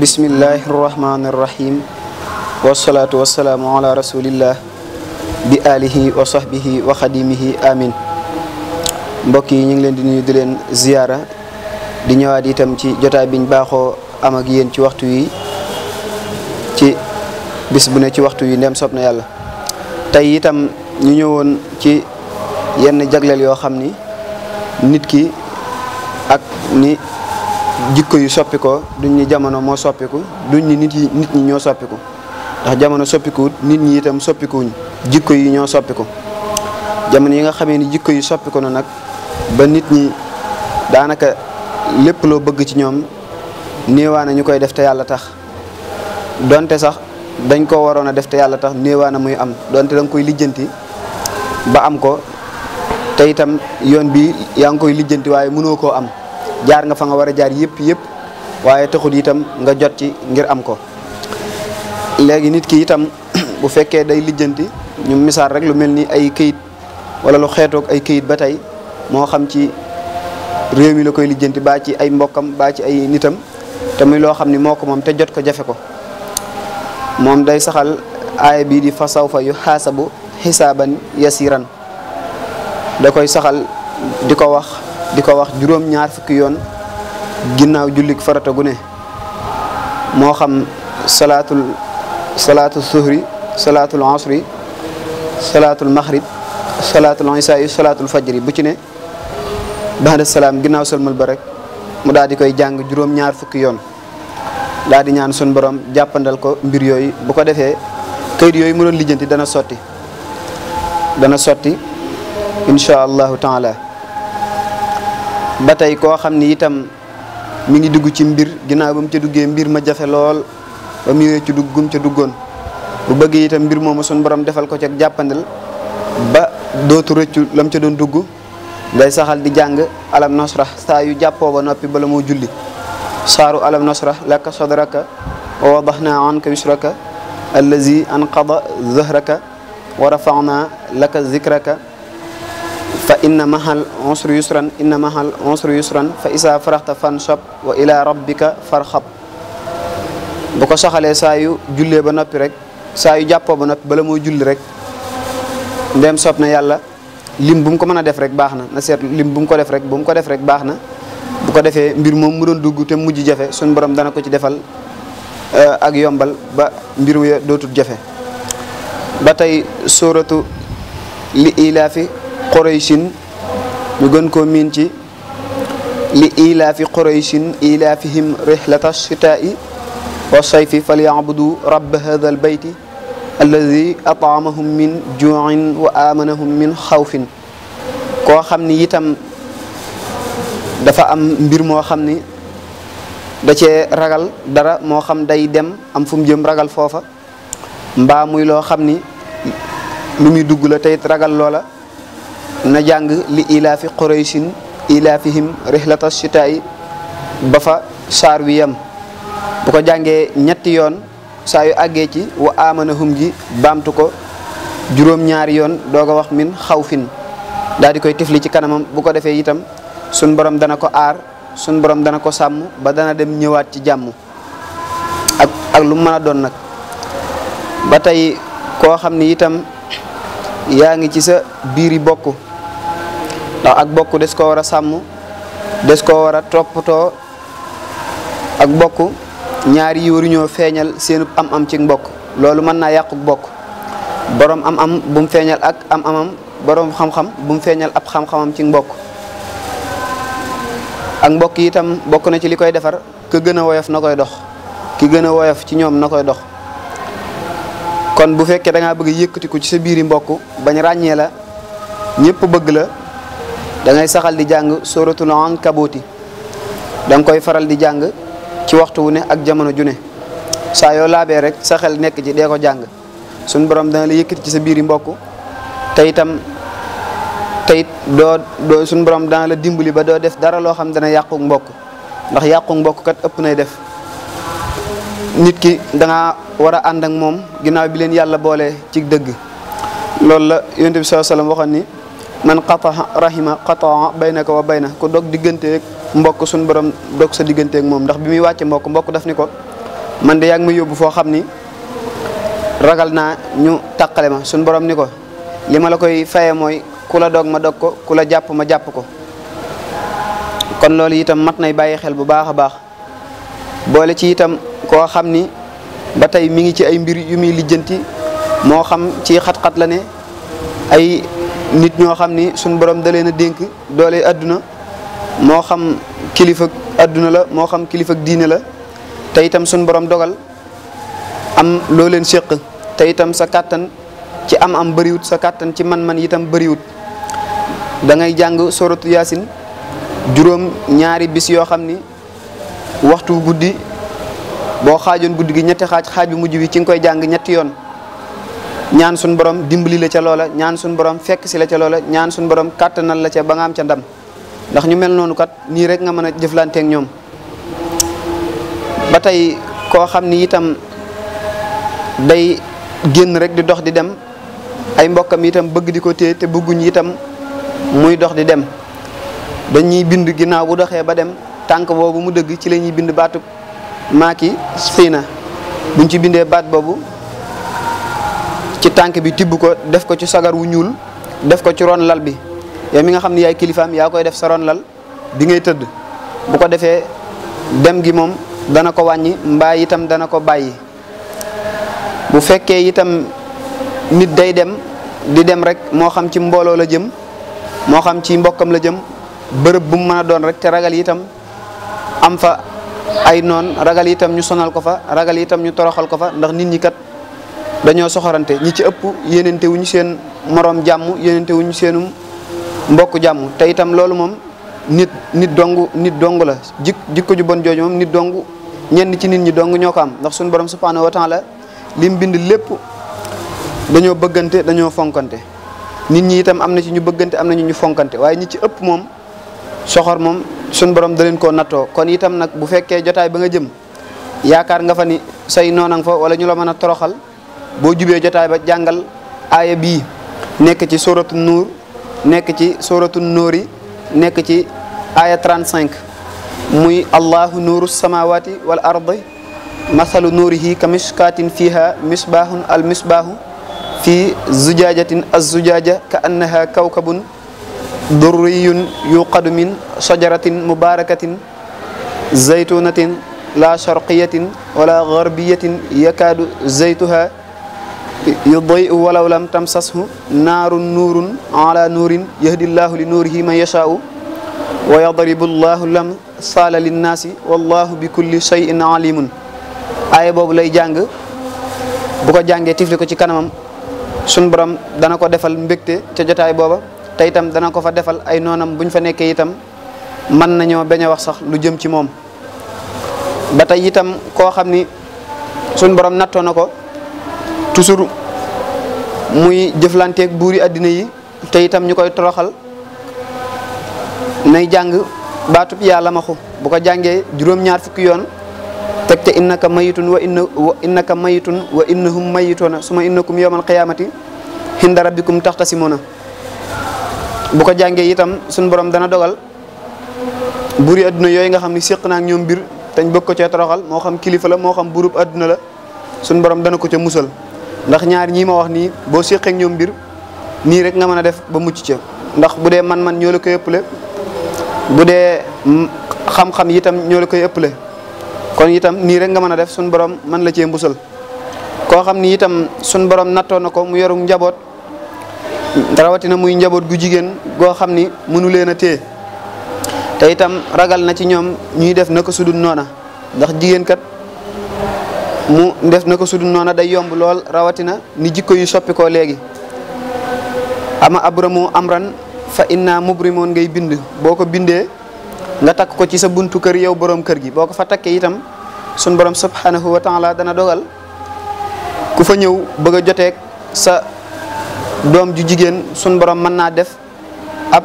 bismillahi irrahmani irrahim wasalaatu wasalaamu ala bi alihi wa sahbihi wa xadimihi amin mbokk yi ñu ngi leen di nuyu di leen ziyaara di ñëwaat itam ci jotaay biñ baaxoo am ak yéen ci waxtu yi ci bis bu ne ci waxtu yi ndem sob yàlla tey itam ñu ñëwoon ci yenn jagleel yoo xam ni nit ki ak ni jikko yu soppi ko duñ ni jamono moo soppiku duñ ni nit yi nit ñi ñoo soppiku ndax jamono soppikuwut nit ñi itam soppikuwuñ jikko yi ñoo soppiku jamono yi nga xamee ni jikko yu soppiku na nag ba nit ñi daanaka lépp loo bëgg ci ñoom néewaana ñu koy def te yàlla tax donte sax dañ ko waroon a def te yàlla tax néewaana muy am donte da koy lijjanti ba am ko te itam yoon bi yaa ngi koy lijjanti waaye mënoo koo am jaar nga fa nga war a jaar yëpp yëpp waaye taxul itam nga jot ci ngir am ko léegi nit ki itam bu fekkee day lijjanti ñu misaal rek lu mel ni ay këyit wala lu xeetoog ay këyit ba tey moo xam ci réew mi la koy lijjanti baa ci ay mbokkam baa ci ay nitam te muy loo xam ni moo ko moom te jot ko jafe ko moom day saxal aaya bii di saw fa yu xaasabu xisaaban yasiran da koy saxal di ko wax di ko wax juróom-ñaar fukki yoon ginnaaw jullik farata gu ne moo xam salaatul salaatul suhri salaatul asri salaatul maghrib salaatul isaa'i salaatul fajri bu ci ne ba'da salaam ginnaaw sëlmal ba mu daal di koy jàng juróom-ñaar fukki yoon daal di ñaan sun borom jàppandal ko mbir yooyu bu ko defee kayit yooyu mu doon lijjanti dana sotti dana sotti incha allahu taala ba tey koo xam ni itam mu ngi dugg ci mbir ginnaaw ba mu ca duggee mbir ma jafe lool ba mu yooyu ci duggum ca duggoon bu bëggee itam mbir moomu suñu borom defal ko ci ak ba dootu rëccu la mu ca doon dugg day saxal di jàng alam nasra saa yu jàppoo ba noppi bala moo julli saaru alam nasra laka sadraka wa wadaxna anka wisraka allazi zikraka fa inna mahal unsri yusran inna mahal unsri yusran fa isa faraxta fanshab wa ila rabbika farxab bu ko soxalee saa yu jullee ba noppi rek saa yu jàppoo ba noppi bala moo julli rek ndem sob na yàlla lim bu mu ko mën a def rek baax na na seet lim bu mu ko def rek bu ko def baax na bu ko defee mbir moom mu doon dugg te mujj jafe suñ borom dana ko ci defal euh, ak yombal ba mbir ya dootul jafe ba tey sóoratu li ilaafi quraysin ñu gën koo miin ci li ilaafi quraysin ilaafihim rihlata shitaa'i wa sayfi falyabudu rabba hada albayti alladi ataamahum min juuin wa aamanahum min xawfin koo xam ni itam dafa am mbir moo xam ni da cee ragal dara moo xam day dem am fum jëm ragal foofa mbaa muy loo xam ni lu muy dugg la teyit ragal loola na jàng li ilaafi qurayshin ilaafihim rihlata shitaa'i ba fa saar wi yam bu ko jàngee ñetti yoon saa yu àggee ci wa amanahum ji baamtu ko juróom-ñaari yoon doog a wax miin xawfin daal di koy tifli ci kanamam bu ko defee itam sun borom dana ko aar sun borom dana ko sàmm ba dana dem ñëwaat ci jàmm ak ak lu mën doon nag ba tey koo xam ni itam yaa ngi ci sa biiri bokk ndax ak mbokk des koo war a sàmm des koo war a toppatoo ak mbokk ñaari yi waruñoo feeñal seen am-am ci mbokk loolu mën naa yàqu bokk borom am-am bu mu feeñal ak am-amam borom xam-xam feeñal ab xam ci mbokk ak mbokk yi itam bokk na ci li koy defar ka gën a woyof na koy dox ki gën a woyof ci ñoom na koy dox. kon bu fekkee da ngaa bëgg yëkkatiku ci sa biir i mbokk bañ ràññee la ñépp bëgg la. da ngay saxal di jàng suratul ankabut da nga koy faral di jàng ci waxtu wu ne ak jamono ju ne saa yoo laabee rek saxel nekk ci dee ko jàng suñ borom dana la yëkkati ci sa biir yi mbokk te itam te doo doo suñ borom dana la dimbali ba doo def dara loo xam dana yàqu mbokk ndax yàqu mbokk kat ëpp nay def nit ki danga war a ànd moom ginnaaw bi leen yàlla boole ci dëgg loolu la yonent bi sallallahu alayhi wasallam ni man qataa rahima qataa baynaka wa bayna ko dog digganteeg mbokk suñu borom dog sa digganteeg moom ndax bi muy wàcce mbokk mbokk daf ni ko man de yaa ma yóbbu foo xam ni ragal na ñu tàqale ma suñu borom ni ko li ma koy faye mooy ku la dog ma dog ko ku la jàpp ma jàpp ko kon loolu itam mat nay bàyyi xel bu baax a baax boole ci itam koo xam ni ba tey mi ngi ci ay mbir yu muy lijjanti moo xam ci xat-xat la ne ay nit ñoo xam ni suñ borom da leen a dénk doole àdduna moo xam kilifa àdduna la moo xam kilifa diine la te itam suñ borom dogal am loo leen séq tey itam sa kàttan ci am am bariwut sa kàttan ci man-man itam bariwut dangay jàng soratu yaasin juróom ñaari bis yoo xam ni waxtu guddi boo xaajoon guddi gi ñetti xaaj xaaj bu mujj bi ci nga koy jàng ñetti yoon ñaan suñu borom dimbali la ca loola ñaan suñu borom fekk si la ca loola ñaan suñu borom kàttanal la ca ba nga am ca ndam ndax ñu mel noonu kat nii rek nga mën a jëflanteeg ñoom ba tey koo xam ni itam day génn rek di dox di dem ay mbokkam itam bëgg di ko téye te bëgguñ itam muy dox di dem dañuy bind ginnaaw bu doxee ba dem tànk boobu mu dëgg ci lañuy bind baatu maaki siina buñ ci bindee baat boobu ci tànk bi tibb ko def ko ci sagar wu ñuul def ko ci ron lal bi yow mi nga xam ne yaay kilifaam yaa koy def sa ron lal bi ngay tëdd bu ko defee dem gi moom dana ko wàññi mbaa itam dana ko bàyyi bu fekkee itam nit day dem di dem rek moo xam ci mbooloo la jëm moo xam ci mbokkam la jëm bërëb bu mu doon rek te ragal yitam am fa ay noon ragal yitam ñu sonal ko fa ragal yitam ñu toroxal ko fa ndax nit ñi kat dañoo soxorante ñi ci ëpp yéenante seen moroom jàmm yéenante seenum mbokk jàmm te itam loolu moom nit nit dong nit dong la jik jikko ju bon jooju moom nit dong ñenn ci nit ñi dong ñoo ko am ndax suñu borom subhanahu wa taala lim bind lépp dañoo bëggante dañoo fonkante nit ñi itam am na ci ñu bëggante am na ñu fonkante waaye ñi ci ëpp moom soxor moom suñu borom daleen leen koo nattoo kon itam nag bu fekkee jotaay ba nga jëm yaakaar nga fa ni say noonang fa wala ñu la mën a toroxal boo jubee jotaay ba jàngal aaya bii nekk ci sóoratu nuur nekk ci sóoratu nóori nekk ci aaya 35 muy allahu nuuru samawati wal ardi masalu nuurihi ka mishkaatin fiha misbaahun al misbaahu fi zujaajatin az zujaaja ka annaha kawkabun durriyun yuqadu min shajaratin mubarakatin zaytunatin la sharqiyatin wala garbiyatin yakaadu zaytuha yudiu walaw lam tamsashu naarun nuurun ala nuurin yahdillaahu li nuurihi man yashaau wa yadribu llaahu lam saala linnaasi wallahu bi kulli shay'in alimun aaya boobu lay jàng bu ko jàngee tifli ko ci kanamam sun borom dana ko defal mbégte ca jotaay booba te itam dana ko fa defal ay noonam buñ fa nekkee itam mën nañoo bañ a wax sax lu jëm ci moom ba tey itam xam ni suñ borom nattoo na ko muy jëflanteeg buuri àddina yi te itam ñu koy toroxal nay jàng baatub yàlla maxu bu ko jàngee juróom-ñaar fukki yoon teg ca innaka mayitun wa inna wa innaka mayitun wa innahum mayituna suma innakum yawmal qiyaamati hinda rabbikum taxtasimuna bu ko jàngee itam suñ borom dana dogal buuri àdduna yooyu nga xam ne séq naak ñoom mbir te ñu ko cee toroxal moo xam kilifa la moo xam burub àddina la suñ borom dana ko ca musal ndax ñaar ñii ma wax nii boo séqeek ñoom mbir nii rek nga mën a def ba mucc ca ndax bu dee man-man ñoo la ëpp ëppale bu dee xam-xam itam ñoo la koy ëppale kon itam nii rek nga mën a def suñ borom man la cee mbusal koo xam ni itam suñ borom nattoo na ko mu yorum njaboot rawatina muy njaboot gu jigéen goo xam ni mënu leen a téye te itam ragal na ci ñoom ñuy def naka sudul noona ndax jigéen kat mu def na ko su dul noona day yomb lool rawatina ni jikko yu soppi ko léegi ama abramu amran fa inna moon ngay bind boo ko bindee nga takk ko ci sa buntu kër yow borom kër gi boo ko fa takkee itam sun borom subhanahu wa taala dana dogal ku fa ñëw bëgg a joteeg sa doom ju jigéen sun borom mën naa def ab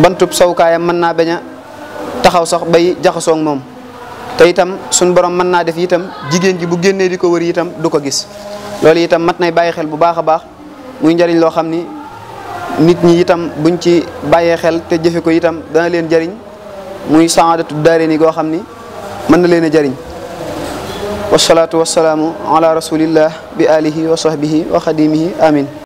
bantub sawkaayam mën naa bañ a taxaw sax bay jaxasoog moom te itam suñ borom mën naa def itam jigéen ji bu génnee di ko wër itam du ko gis loolu itam mat nay bàyyi xel bu baax a baax muy njariñ loo xam ni nit ñi itam buñ ci bàyyee xel te jëfe ko itam dana leen jariñ muy saadatu daare ni goo xam ni mën na leen jariñ wasalaatu wasalaamu ala rasulillah bi alihi wa sahbihi wa xadimihi amin